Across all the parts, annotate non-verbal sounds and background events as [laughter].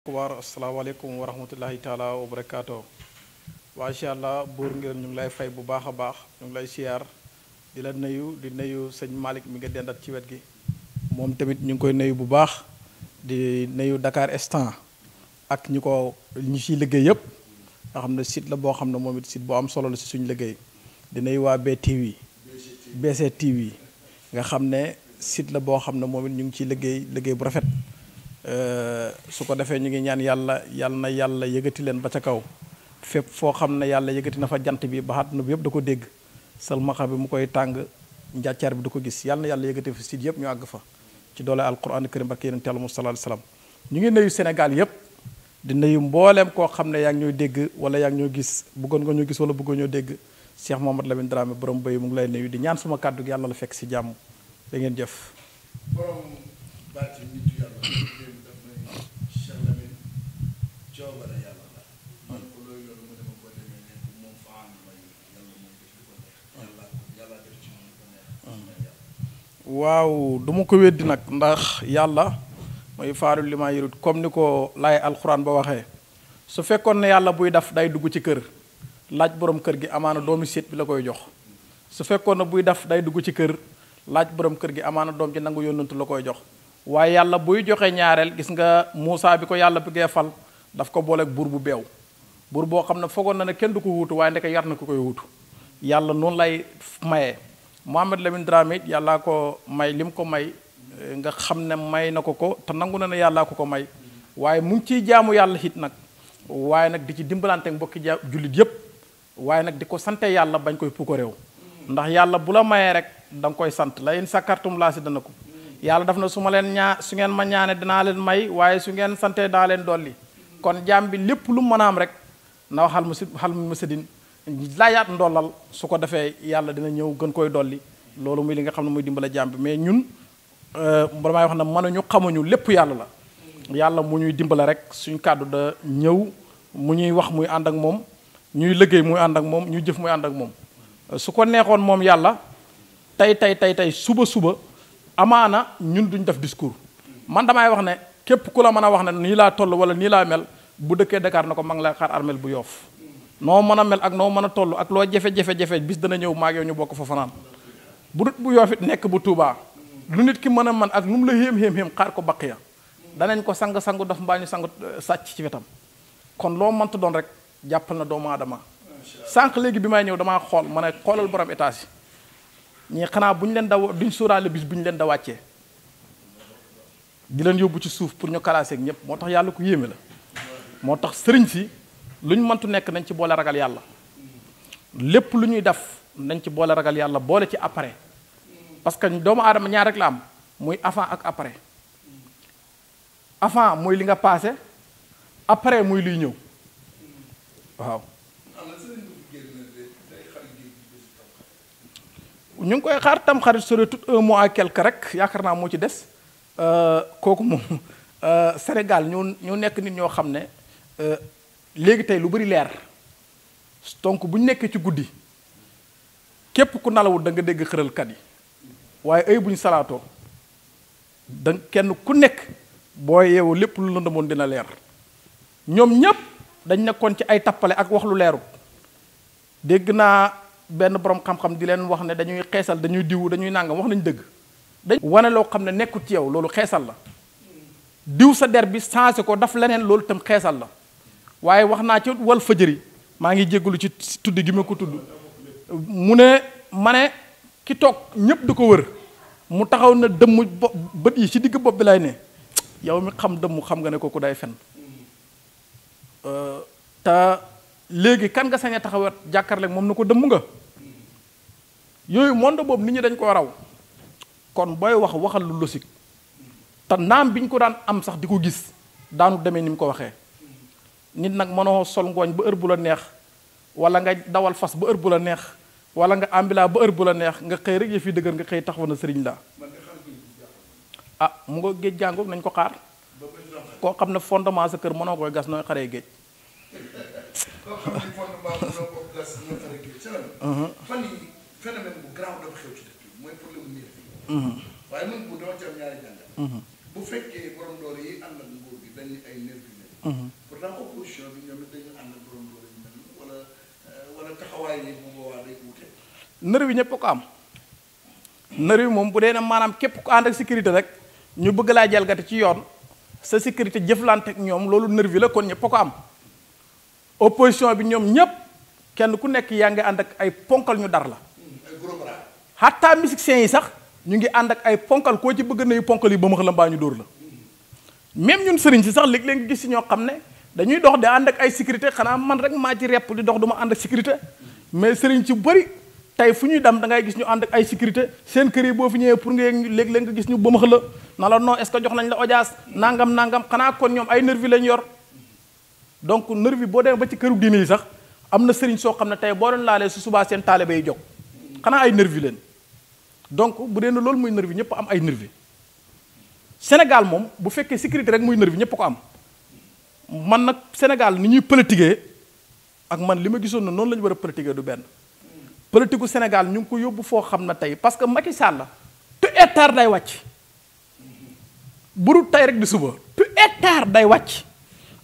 kubaar asalaamaaleykum wa rahmatullahi taala wa barakaatu macha allah buur ngir ñu ngi lay fay bu baax a baax ñu ngi lay siyaar di la nuyu di nuyu sëñ Malick mi nga dendat ci wet gi moom tamit ñu ngi koy nuyu bu baax di nuyu Dakar Instant ak ñu ko ñu ciy liggéey yëpp nga xam ne la boo xam ne moom it site bu am solo la si suñu liggéey di nuyu waa BTV BCTV nga xam ne site la boo xam ne moom it ñu ngi ciy liggéey liggéey bu rafet. Euh, su ko defee ñu ngi ñaan yàlla yàlla na yàlla yëgati leen ba ca kaw fépp foo xam ne yàlla yëgati na fa jant bi ba àdduna bi yëpp da ko dégg salmaxa bi mu koy tàng njàccaar bi du ko gis yàlla na yàlla yëgati fa sit yëpp ñu àgg fa ci doole alquran karim barke yonent yàlla mu sallallahu alayhi wasallam ñu ngi nuyu Sénégal yëpp di nuyu mbooleem koo xam ne yaa ngi ñooy dégg wala yaa ngi ñoo gis bëggoon nga ñoo gis wala bëggoon ñoo dégg Cheikh Mohamed Lamine Dramé borom bay mu ngi lay nuyu di ñaan suma kàddu gi yàlla la fekk si jàmm da ngeen coobare yàlla ko ah. looyu ah. waaw du ko weddi nag ndax yàlla mooy faalu li maa comme ni ko lay alxuraan ba waxee su fekkoon ne yàlla buy daf day dugg ci kër laaj borom kër gi amaana doomi séet la koy jox su fekkoon ne buy daf day dugg ci kër laaj borom kër gi amaana doom ji nangu yónnantu la koy jox waaye yàlla buy joxe ñaareel gis nga Muusaa bi ko yàlla bëggee fal daf ko booleek buur bu beew buur boo xam ne foogoon na ne kenn du ko wuutu waaye ndeke yar na ko koy wutu yàlla noonu lay mayee Mohamed Lamine Dramé it yàllaa ko may lim ko may eh, nga xam ne may na ko ko te nangu na ne yàllaa ko ko may waaye mu ngi ciy jaamu yàlla it nag waaye nag di ci dimbalante mbokki ja jullit yépp waaye nag di ko sante yàlla bañ koy puukareew ndax yàlla bu la mayee rek da koy sant la in sàkkartum laa si dana ko yàlla daf na su ma leen ñaa su ngeen ma ñaane danaa leen may waaye su ngeen santee daa leen dolli kon jaam bi lépp lu mën a am rek na waxal mu si xal mu din laajaat ndollal su ko defee yàlla dina ñëw gën koy dolli loolu muy li nga xam ne muy dimbale jaam bi mais ñun euh, damay wax ne mënuñu xamuñu lépp yàlla la yàlla mu ñuy dimbale rek suñ kàddu da ñëw mu ñuy wax muy ànd ak moom ñuy liggéey muy ànd ak moom ñuy jëf muy ànd ak moom su ko neexoon moom yàlla tey tey tey tey suba suba amaana ñun duñ def discours man damay wax ne képp ku la mën a wax na nii laa toll wala nii laa mel bu dëkkee Dakar na ko ma ngi lay xaar armel bu yoof noo mën a mel ak noo mën a toll ak loo jafe-jafe-jafe bis dana ñëw maag yow ñu bokk fa fanaan bu dut bu yoofit nekk bu Tuubaa lu nit ki mën a man ak lu la xéem-xéem-xéem xaar ko baq ya danañ ko sang-sangu daf mbaa ñu euh, sàcc ci wetam kon loo mënta doon rek jàppal na doomu aadama sànq léegi bi may ñëw damaa xool ma ne xoolal borom étage yi ñii xanaa bu ñu leen da duñ sóoraale bis bu ñu leen da wàccee di leen yóbbu ci suuf pour ñu kalaaseeg ñëpp moo tax yàlla ku yéeme la moo tax sëriñ si lu luñ mëntu nekk nañ ci boole ragal yàlla lépp lu ñuy def nañ ci boole ragal yàlla boole ci après parce que doomu adama ñaar rek la am muy avant ak après avant muy li nga passé après muy luy ñëw waaw. ñu ngi koy xaar tam xarit sore tout un mois quelque rek yaakaar naa moo ci des. Euh, kooku moom euh, Sénégal ñu ñoo nekk nit ñoo xam ne euh, léegi tey lu bari leer donc bu nekkee ci guddi képp ku nalawul da nga dégg xëralkat yi waaye ay bu ñu salaatoo da kenn ku nekk boo yeewu lépp lu lëndëmoon dina leer ñoom ñépp dañ nekkoon ci ay tappale ak wax lu leeru dégg naa benn boroom xam-xam di leen wax ne dañuy xeesal dañuy diwu dañuy nàngam wax nañu dëgg dañ wane loo xam ne nekkut ci yow loolu xeesal la diw sa der bi changé ko daf leneen loolu tam xeesal la waaye wax naa ci wal fajëri maa ngi jéggalu ci tudd gi ma ko tudd mu ne ma ne ki toog ñépp di ko wër mu taxaw na dëmm bët yi ci digg bopp bi lay ne yow mi xam dëmm xam nga ne ko kooku day fen euh, te léegi kan nga sañ a taxawat jàkkaarloo moom na ko dëmm nga yooyu monde boobu nit ñi dañ koo raw kon booy wax waxal lu logique te naam bi ñu ko daan am sax di ko gis daanu demee ni mu ko waxee nit nag mënoo sol ngooñ ba heure bu la neex wala nga dawal fas ba heure bu la neex wala nga ambila ba heure bu la neex nga xëy rek yëf yi dëgër nga xëy taxaw na sëriñ la ah mu nga géej jàngoog nañ ko xaar koo xam ne fondement sa kër mënoo koy gas nooy xaree géej Mhm. waaye man bu dama mhm. yi nervi lañ. Mhm. pourtant euh, ñëpp ko am. nervi moom bu dee ne maanaam képp ku ànd ak sécurité rek ñu bëgg laa jalgati ci yoon sa sécurité jëflante ak ñoom loolu nervi la kon ñëpp ko am. opposition bi ñoom ñëpp kenn ku nekk yaa ngi ànd ak ay ponkal ñu dar la. Hmm, ay xataa musiciens yi sax. ñu ngi ànd ak ay ponkal koo ci bëgg nayu ponkal yi ba max la mbaa ñu dóor la même ñun sëriñ si sax léeg-léeg gis si ñoo xam ne dañuy dox di ànd ak ay sécurité xanaa man rek maa ci repp dox du ànd sécurité mais sëriñ si bëri tey fu ñuy dem da ngay gis ñu ànd ay sécurité seen kër yi boo ñëwee pour nga yëg léeg-léeg nga gis ñu ba max la na la non jox nañ la audience nangam nangam xanaa kon ñoom ay nervi lañ yor donc nervi boo demee ba ci këru diine yi sax am na sëriñ soo xam ne tey boo doon laalee su subaa seen taalibe yi jóg xanaa ay nervi leen donc bu dee ne loolu muy nervi ñëpp am ay nervi Sénégal moom bu fekkee sécurité rek muy nervi ñëpp ko am man nag Sénégal ni ñuy politiquer ak man li ma gisoon ne noonu la war a politiquer du benn politique gu Sénégal ñu ngi ko yóbbu foo xam na tey parce que Macky Sall la tu hectare day wàcc buru tey rek di suba tu hectare day wàcc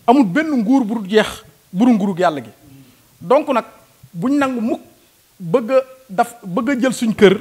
amul benn nguur bu dul jeex buru nguurug yàlla gi donc nag buñ nangu mukk bëgg daf bëgg a jël suñ kër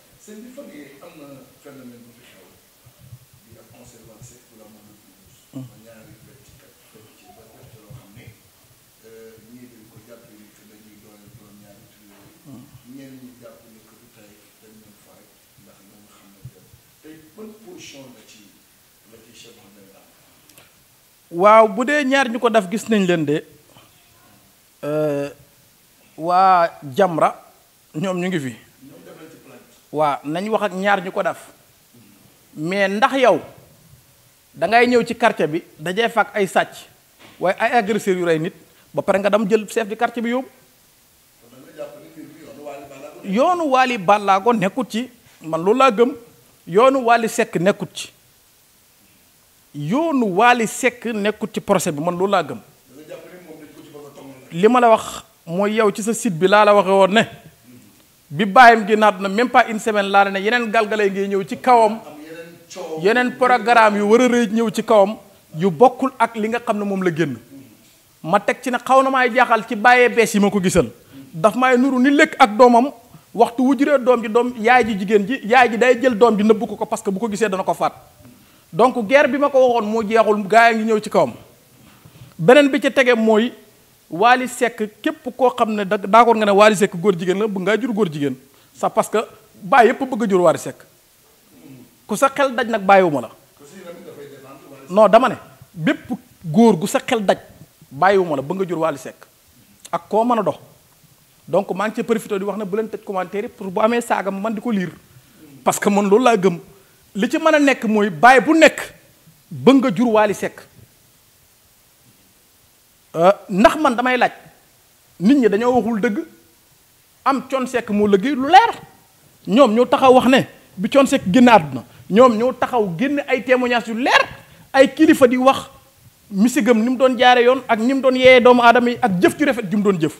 sëñ bi bu waaw bu dee ñaar ñu ko def gis nañ leen de euh, waa Jamra ñoom ñu ngi fi waa nañ wax ak ñaar ñu ko def mais ndax yow dangay ñëw ci karte bi dajee fak ay sàcc waaye ay agresseurs yu rey nit ba pare nga dem jël chef de quartier bi yóbbu yoonu waali bàllaago nekkut ci man loolu laa gëm yoonu waali sekk nekkut ci yoonu waali sekk nekkut ci procès bi man loolu laa gëm li ma la wax mooy yow ci sa site bi laa la waxe woon ne bi bàyyam gi naat na même pas une semaine laa ne yeneen galgalay ngay ñëw ci kawam yeneen programme yu war a rëy ñëw ci kawam yu bokkul ak li nga xam ne moom la génn ma teg ci ne xaw na maay jaaxal ci bàyyee bees yi ma ko gisal daf maay nuru ni lekk ak doomam waxtu wu juree doom ji doom yaay ji jigéen ji yaay ji day jël doom ji nëbb ko ko parce que bu ko gisee dana ko faat donc geer bi ma ko waxoon moo jeexul gaa yi ngi ñëw ci kawam beneen bi ci tege mooy Waly sekk képp koo xam ne dag d'accord nga ne Waly Seck góor jigéen la bëgg ngaa jur góor jigéen sax parce que baay yëpp bëgg a jur Waly Seck ku sa xel daj nag bàyyiwuma la non dama ne bépp góor gu sa xel daj bàyyiwuma la bëgg nga jur Waly Seck ak koo mën a dox donc maa ngi ci profité di wax ne bu leen tëj commentaire yi pour bu amee saaga man di ko liir parce que man loolu laa gëm li ci mën a nekk mooy baay bu nekk bëgg nga jur Waly Seck Euh, ndax man damay laaj nit ñi dañoo waxul dëgg am Thione Seck moo liggéey lu leer ñoom ñoo taxaw wax ne bi Thione Seck génn àdduna ñoom ñoo taxaw génn ay témoignages yu leer ay kilifa di wax misigam ni mu doon jaare yoon ak ni mu doon yeeyee doom aadama yi ak jëf ju rafet ju mu doon jëf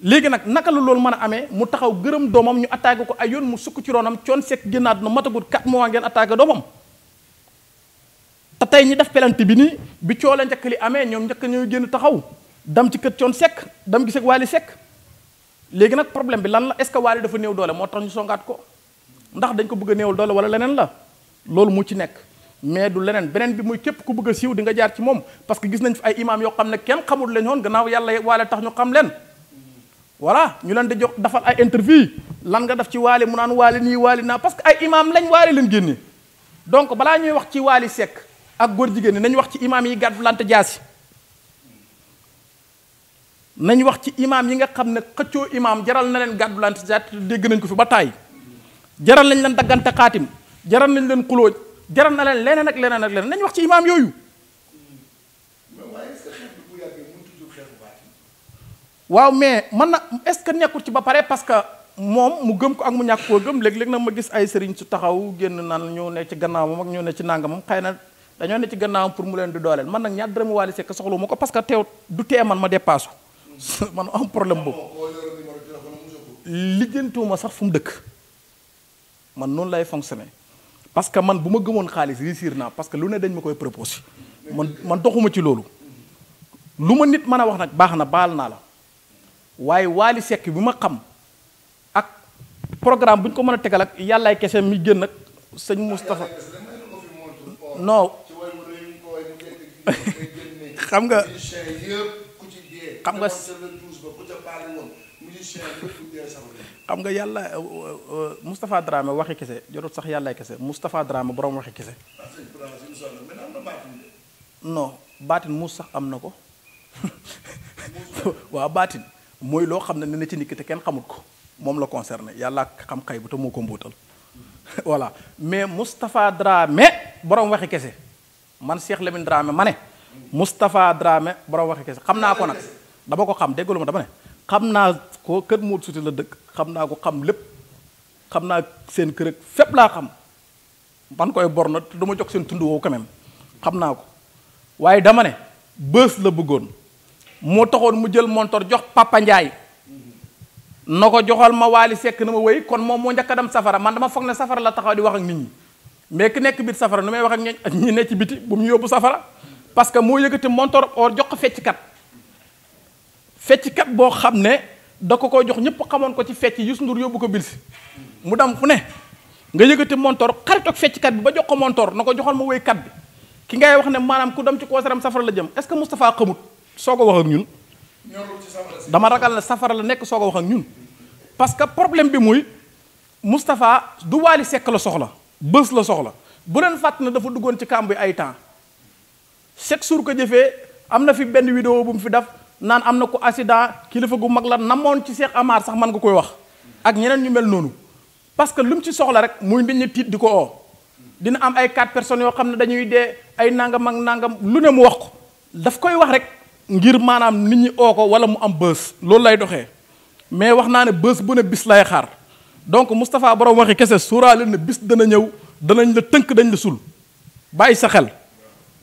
léegi nag naka la loolu mën a amee mu taxaw gërëm doomam ñu attaqué ko ay yoon mu sukk ci roonam Thione Seck génn àdduna matagul 4 mois ngeen attaqué doomam tey ñi def pelante bi nii bi coola njëkk li amee ñoom njëkk ñooy génn taxaw dam ci kër coon sekk dam gis ak waali sekk léegi nag problème bi lan la est-ce que waali dafa néew doole moo tax ñu songaat ko ndax dañ ko bëgg a néewal doole wala leneen la loolu mu ci nekk mais du leneen beneen bi muy képp ku bëgg a siiw di nga jaar ci moom parce que gis nañ fi ay imaam yoo xam ne kenn xamul lañ woon gannaaw yàlla waale tax ñu xam leen wala ñu leen di jox defal ay interview lan nga def ci waale mu naan waale nii waale naa parce que ay imaam lañ waale leen génne donc balaa ñuy wax ci waali sekk ak góor jigéen ñi nañ wax ci imaam yi gàddu jaasi nañ wax ci imaam yi nga xam ne xëccoo imaam jaral na leen gàddu lante jaasi dégg nañ ko fi ba tàyyi jaral nañ leen daggante xaatim jaral nañ leen xulóoj jaral na leen leneen ak leneen ak leneen nañ wax ci imaam yooyu. waaw mais man na est-ce que nekkul ci ba pare parce que moom mu gëm ko ak mu ñàkk koo gëm léeg-léeg nag ma gis ay sëriñ su taxaw génn naan ñëw ne ci gannaawam ak ñu ne ci nangamam xëy na. dañoo ne ci gannaawam pour mu leen di dooleel man nag ñaar dërëm Wally Seck soxlu ma ko parce que teew du tee ma dépassu [laughs] man am problème boobu lijjantuwuma sax fu mu dëkk man noonu lay fonctionner parce que man bu ma gëmoon xaalis réussir naa parce que lu ne dañ ma koy proposé man man doxuma ci loolu lu ma nit mën a wax nag baax na baal naa la waaye Wally Seck bi ma xam ak programme bu ñu ko mën a tegal ak yàllaay kese mi génn ak sañ Moustapha non xam nga xam nga xam nga yàlla euh, euh, Moustapha Dramé waxi kese jotut sax yàllaay kese Moustapha Dramé borom waxi kese ah, non baatin muus sax am na ko [laughs] waa baatin mooy loo xam ne ne ci nit ki te kenn xamut ko moom la concerné yàlla xam xay bu te moo ko mbóotal [laughs] voilà mais Moustapha Dramé borom waxi kese man Cheikh Lamine Dramé ma ne Moustapha Dramé borom waxe kese xam naa ko nag dama ko xam déggalu ma dama ne xam naa ko kër Modou Souti la dëkk xam naa ko xam lépp xam naa seen kër fépp laa xam man koy bor na du jox seen tund woowu quand xam naa ko waaye dama ne bës la bëggoon moo taxoon mu jël montor jox Papa na ko joxal ma waali sekk na ma wéy kon moom moo njëkk a dem safara man dama foog ne safara la taxaw di wax ak nit ñi mais ki nekk biir safara nu may wax ak ñi ne ci biti bu mu yóbbu safara parce que moo yëkkati montor or jox ko fecckat fecckat boo xam ne da ko ko jox ñëpp xamoon ko ci fecc yu Ndour yóbbu ko biir si mu dam ku ne nga yëkkati montor xarit ak fecckat bi ba jox ko montor na ko joxoon ma woy kat bi ki ngay wax ne maanaam ku dem ci koo koosaram safara la jëm est-ce que Moustapha xamut soo ko wax ak ñun. dama ragal ne safara la nekk soo ko wax ak ñun. parce que problème bi muy Moustapha du Wally Seck la soxla. bës la soxla bu leen fàtt na dafa duggoon ci kàmb bi ay temps chaque jour ko jëfee am na fi benn vidéo bu mu fi def naan am na ko accident kilifa gu mag la namoon ci Cheikh Amar sax man nga koy wax ak ñeneen ñu mel noonu parce que lu mu ci soxla rek muy nit ñi tiit di ko oo dina am ay quatre personnes yoo xam ne dañuy dee ay nangam ak nangam lu ne mu wax ko daf koy wax rek ngir maanaam nit ñi oo ko wala mu am bës loolu lay doxee mais wax naa ne bës bu ne bis lay xaar donc Moustapha borom waxi kese suuraale na bis dana ñëw danañ la tënk dañ la sul bàyyi sa xel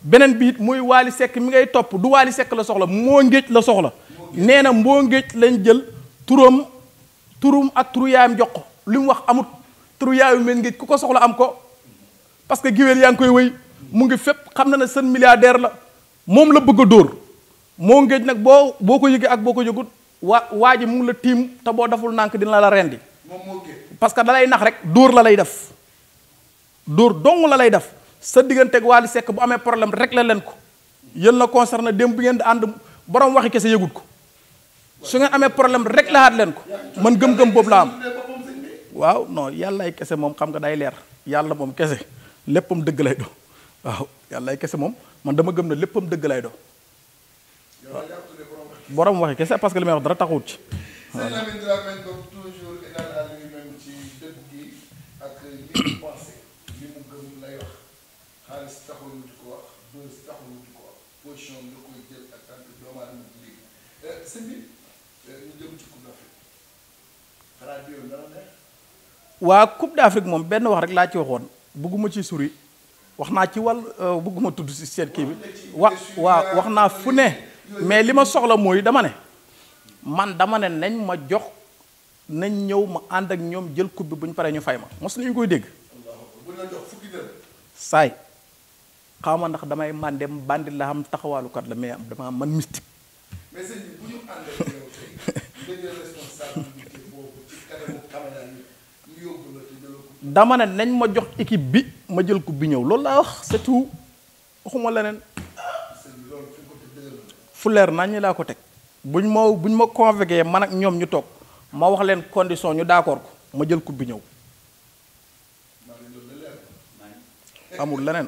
beneen bi it muy Waly sekk mi ngay topp du waali sekk la soxla moo ngéej la soxla nee na moo ngéej lañ jël turam turum ak turu yaayam jox ko li mu wax amut turu yaayu ngéej ku ko soxla am ko parce que giwéel yaa ngi koy wéy mu ngi fépp xam na ne seen milliardaire la moom la bëgg dóor moo ngéej nag boo boo ko yëgee ak boo ko yëgut waa waa ji mu ngi la tiim te boo daful nànk dina la rendi parce que da nax rek dóor la lay def dóor dong la lay def sa digganteeg Wally sekk bu amee problème rek la leen ko yéen la concerné démb bu ngeen di ànd boroom waxi kese yëgut ko su ngeen amee problème rek la xaat leen ko man gëm-gëm boobu laa am waaw non yàlla ay kese moom xam nga day leer yàlla moom kese léppam dëgg lay do waaw yàlla ay kese moom man dama gëm ne léppam dëgg lay do waaw waxi kese parce que li dara taxawut ci waa nga koy jël euh, euh, moom benn wax rek laa ci waxoon bëgguma ci suri wax naa ci wàll euh, bëgguma tudd si seen kii bi wa waaw wax naa fu ne mais li ma soxla mooy dama ne man dama ne nañ ma jox nañ ñëw ma ànd ak ñoom jël coupe bi bu ñu paree ñu fay ma mos nañu koy dégg saay xaw ma ndax damay mandem bandit la am taxawaalukat la mais dama man mystique. mais dama ne nañ ma jox équipe bi ma jël ko bi ñëw loolu laa wax c'est waxuma leneen. fuleer leer nañ laa ko teg buñ ma buñ ma convoqué man ak ñoom ñu toog ma wax leen condition ñu d'accord ko ma jël coupe bi ñëw amul leneen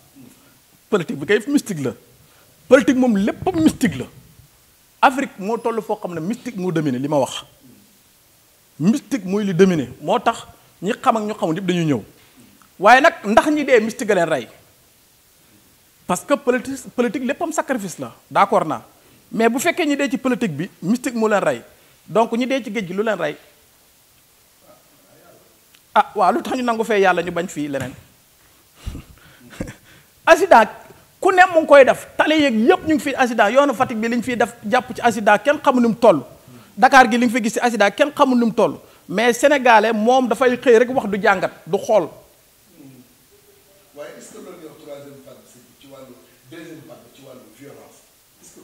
politique bi kay mystique la politique moom lépp mystique la Afrique moo toll foo xam ne mystique moo dominé li ma wax mystique mooy li dominé moo tax ñi xam ak ñu xamul yëpp dañu ñëw waaye nag ndax ñi dee mystique leen rey parce que politique politique léppam sacrifice la d'accord naa mais bu fekkee ñi dee ci politique bi mystique mu leen rey donc ñi dee ci géej gi lu leen rey ah waa lu tax ñu nangu fee yàlla ñu bañ fii leneen [laughs] ku ne mu ngi koy def tali yeeg yëpp ñu ngi fi accident yoonu Fatick bi li ñu def jàpp ci accident kenn xamu nu mu toll Dakar gi li ñu fi gis ci accident kenn xamu nu mu toll mais sénégalais moom dafay xëy rek wax du jàngat du xool. waaye est-ce que loolu yow troisième vague ci wàllu deuxième vague ci wàllu violence est-ce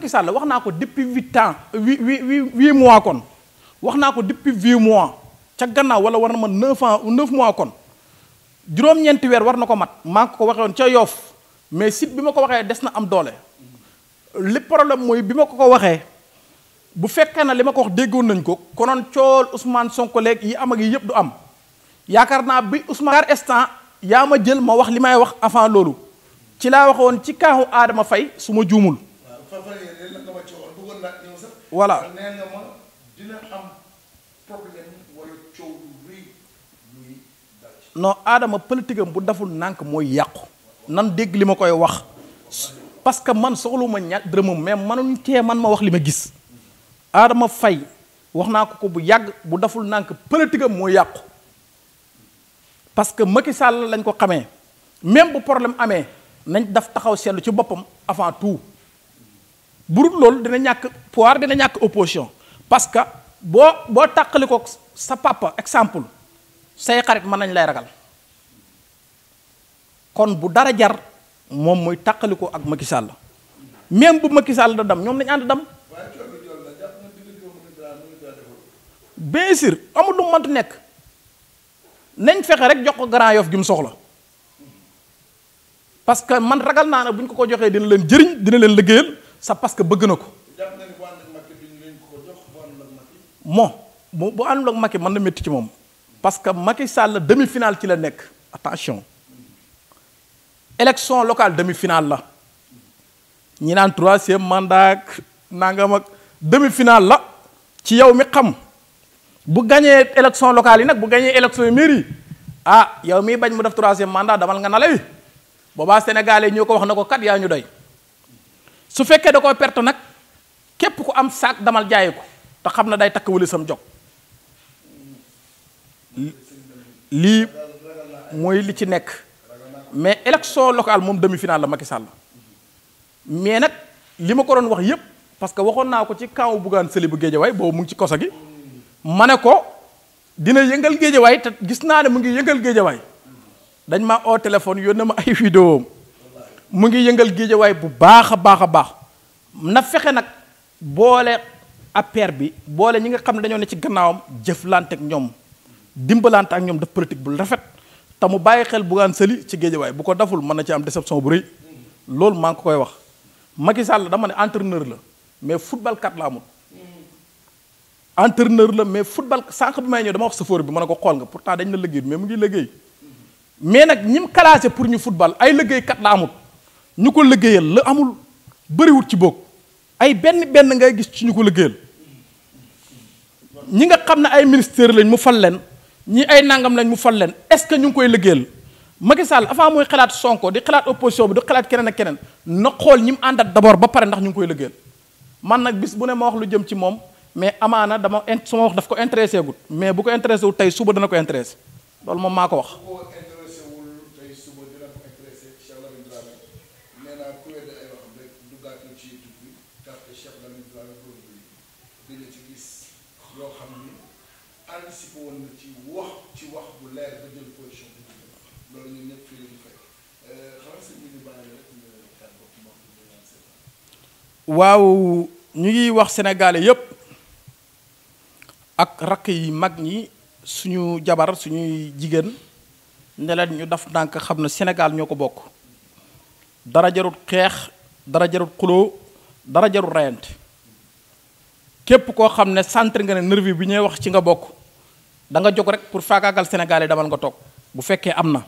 que wax naa ko depuis huit ans huit huit huit mois kon wax naa ko depuis vie mois ca gannaaw wala war na ma neuf ans neuf mois kon. juróom-ñeenti weer war na ko mat maa ko ko waxee woon ca yoof mais site bi ma ko waxee des na am doole li problème mooy bi ma ko ko waxee bu fekkee na li ma ko wax déggoon nañ ko konoon cool Ousmane Sonko leeg yi am ak yi yëpp du am yaakaar naa bi Ousmane instant yaa ma jël ma wax li may wax avant loolu ci laa waxoon ci kaaxu aadama Faye su ma juumul voilà dina am problème non aadama politique am bu daful nànk mooy yàqu nan dégg li ma koy wax parce que man soxluma ña dërëmam mais manuñ cee man ma wax li ma gis aadama fay wax naa ko ko bu yàgg bu daful nànk politique am yàqu parce que Macky Sall lañ ko xamee même bu problème amee nañ daf taxaw seetlu ci boppam avant tout burut loolu dina ñàkk pouvoir dina ñàkk opposition parce que boo boo tàqali ko sa papa exemple say xarit mën nañ lay ragal kon bu dara jar moom mooy tàqaliko ak Macky Sall même bu Macky sàll da dam ñoom lañ ànd dam bien sûr amul lu mu mënta nekk nañ fexe rek jox ko Grand Yoff gi mu soxla parce que man ragal naa ne bu ñu ko ko joxee dina leen jëriñ dina leen liggéeyal sa parce que bëgg na ko moo bu àndul ak Macky mën na métti ci moom parce que Macky Sall demi-finale ci la nekk attention élection locale demi-finale la ñi naan troisième mandat nangam mag demi-finale la ci yow mi xam bu gañee élection locale yi nag bu gañee élection yi mairie ah yow miy bañ mu def troisième mandat damal nga nalawi boobaa sénégalais ñoo ko wax na ko kat yaa ñu doy su fekkee da koo perte nag képp ku am saak damal jaayi ko te xam na day takk wëli sam jog lii mooy li ci nekk mais élection locale moom demi-finale la Macky Sall mais nag li ma ko doon wax yépp parce que waxoon naa ko ci kaw Bougane Sëli bu Géejawaay boobu mu ngi ci koso gi ne ko dina yëngal Géejawaay te gis naa ne mu ngi yëngal Géejawaay dañ ma oo téléphone yónnee ma mu ngi yëngal Géejawaay bu baax a baax a baax na fexe nag boole APR bi boole ñi nga xam ne dañoo ne ci gannaawam jëflante ak ñoom. dimbalante ak ñoom def politique bu rafet te mu bàyyi xel Bougane Sëli ci géejawaay bu ko daful mën na ci am déception bu rëy loolu maa ngi ko koy wax Macky Sall dama ne entraîneur la mais football kat la amul entraîneur la mais football sànq bi may ñëw dama wax sëfoor bi mën na ko xool nga pourtant dañ la liggéey mais mu ngi liggéey mais nag ñi mu pour ñu football ay liggéey kat la amul ñu ko liggéeyal la amul bëriwut ci bokk ay benn benn ngay gis ci ñu ko liggéeyal ñi nga xam ne ay ministère lañ mu fal leen. ñi ay nangam lañ mu fal leen est-ce que ñu ngi koy liggéeyal Macky Sall avant muy xalaat Sonko di xalaat opposition bi di xalaat keneen ak keneen na xool ñi mu àndat d'abord ba pare ndax ñu ngi koy liggéeyal man nag bis bu ne ma wax lu jëm ci moom mais amaana dama in su ma wax daf ko intéressé gut mais bu ko intéressé wu tey suba dana ko intéressé loolu moom maa ko wax. waaw ñu ngi wax sénégalais yépp ak raq yi mag ñi suñu jabar suñuy jigéen ne ñu daf ndànk xam na Sénégal ñoo ko bokk dara jarut xeex dara jarut xuloo dara jarut rayante képp koo xam ne centre nga ne nervi bi ñuy wax ci nga bokk da nga jóg rek pour faagaagal sénégalais damal nga toog bu fekkee am na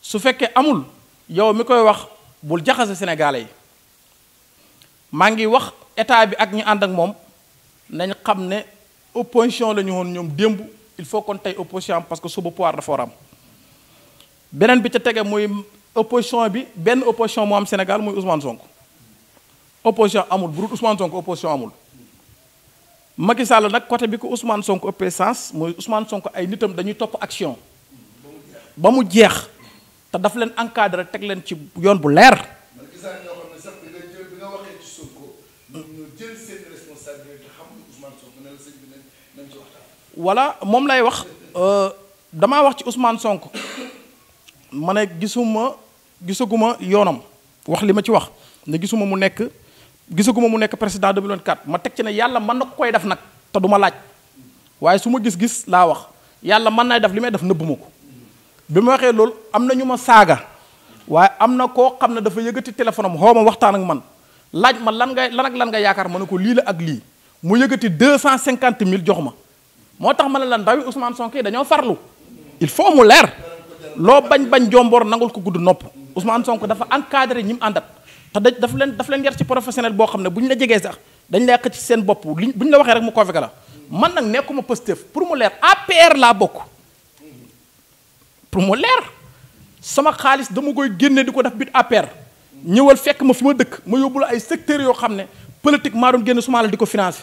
su fekkee amul yow mi koy wax bul jaxase sénégalais yi maa ngi wax état bi ak ñu ànd ak moom nañ xam ne opposition la ñu woon ñoom démb il faut kon tey opposition am parce que suba pouvoir dafa war beneen bi ca tege muy opposition bi benn opposition moo am Sénégal muy Ousmane sonk opposition amul bu dul Ousmane Sonko opposition nag côté bi ko Ousmane sonk ëppee sens mooy Ousmane sonk ay nitam dañuy topp action ba mu jeex te daf leen encadré teg leen ci yoon bu leer wala moom lay wax euh, damaa wax ci Ousmane Sonko ma ne gisuma gisaguma yoonam wax li ma ci wax ne gisuma mu nekk gisaguma mu nekk président 2024 ma teg ci ne yàlla man na ko koy def nag te duma laaj waaye su ma gis-gis laa wax yàlla mën naay def li may def nëbb ma ko bi ma waxee loolu am na ñu ma saaga waaye am na koo xam ne dafa yëgati téléphone am xoo ma waxtaan ak man laaj ma lan nga lan ak lan nga yaakaar ma ne ko lii la ak lii mu yëgati 250 000 jox ma moo tax ma ne la ndawi Ousmane sonk yi dañoo farlu il faut mu leer loo bañ bañ jomboor nangul ko gudd nopp Ousmane Sonko dafa encadré ñi mu àndat te da daf leen daf leen yar ci professionnel boo xam ne bu ñu la jegee sax dañ lay xëcc ci seen bopp liñ bu ñu la waxee rek mu convoqué la man nag nekkuma Pastef pour mu leer APR laa bokk pour mu leer sama xaalis dama koy génnee di ko def biir APR ñëwal fekk ma fi ma dëkk ma yóbbu ay secteurs yoo xam ne politique génne suma la di ko financé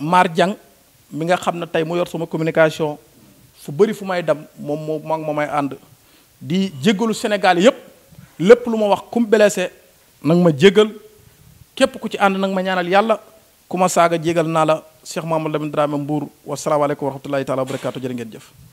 Mar Diang mi nga xam ne tey mu yor sama communication fu bëri fu may dem moom moo mag ma may ànd di jéggalu Sénégal yépp lépp lu ma wax kum blessé nag ma jéggal képp ku ci ànd nag ma ñaanal yàlla ku ma saaga jégal naa la Cheikh Mamadou Lamine Dramé Mbour wasalaamaaleykum wa rahmatullahi taala wa barakaatu jërë ngeen jëf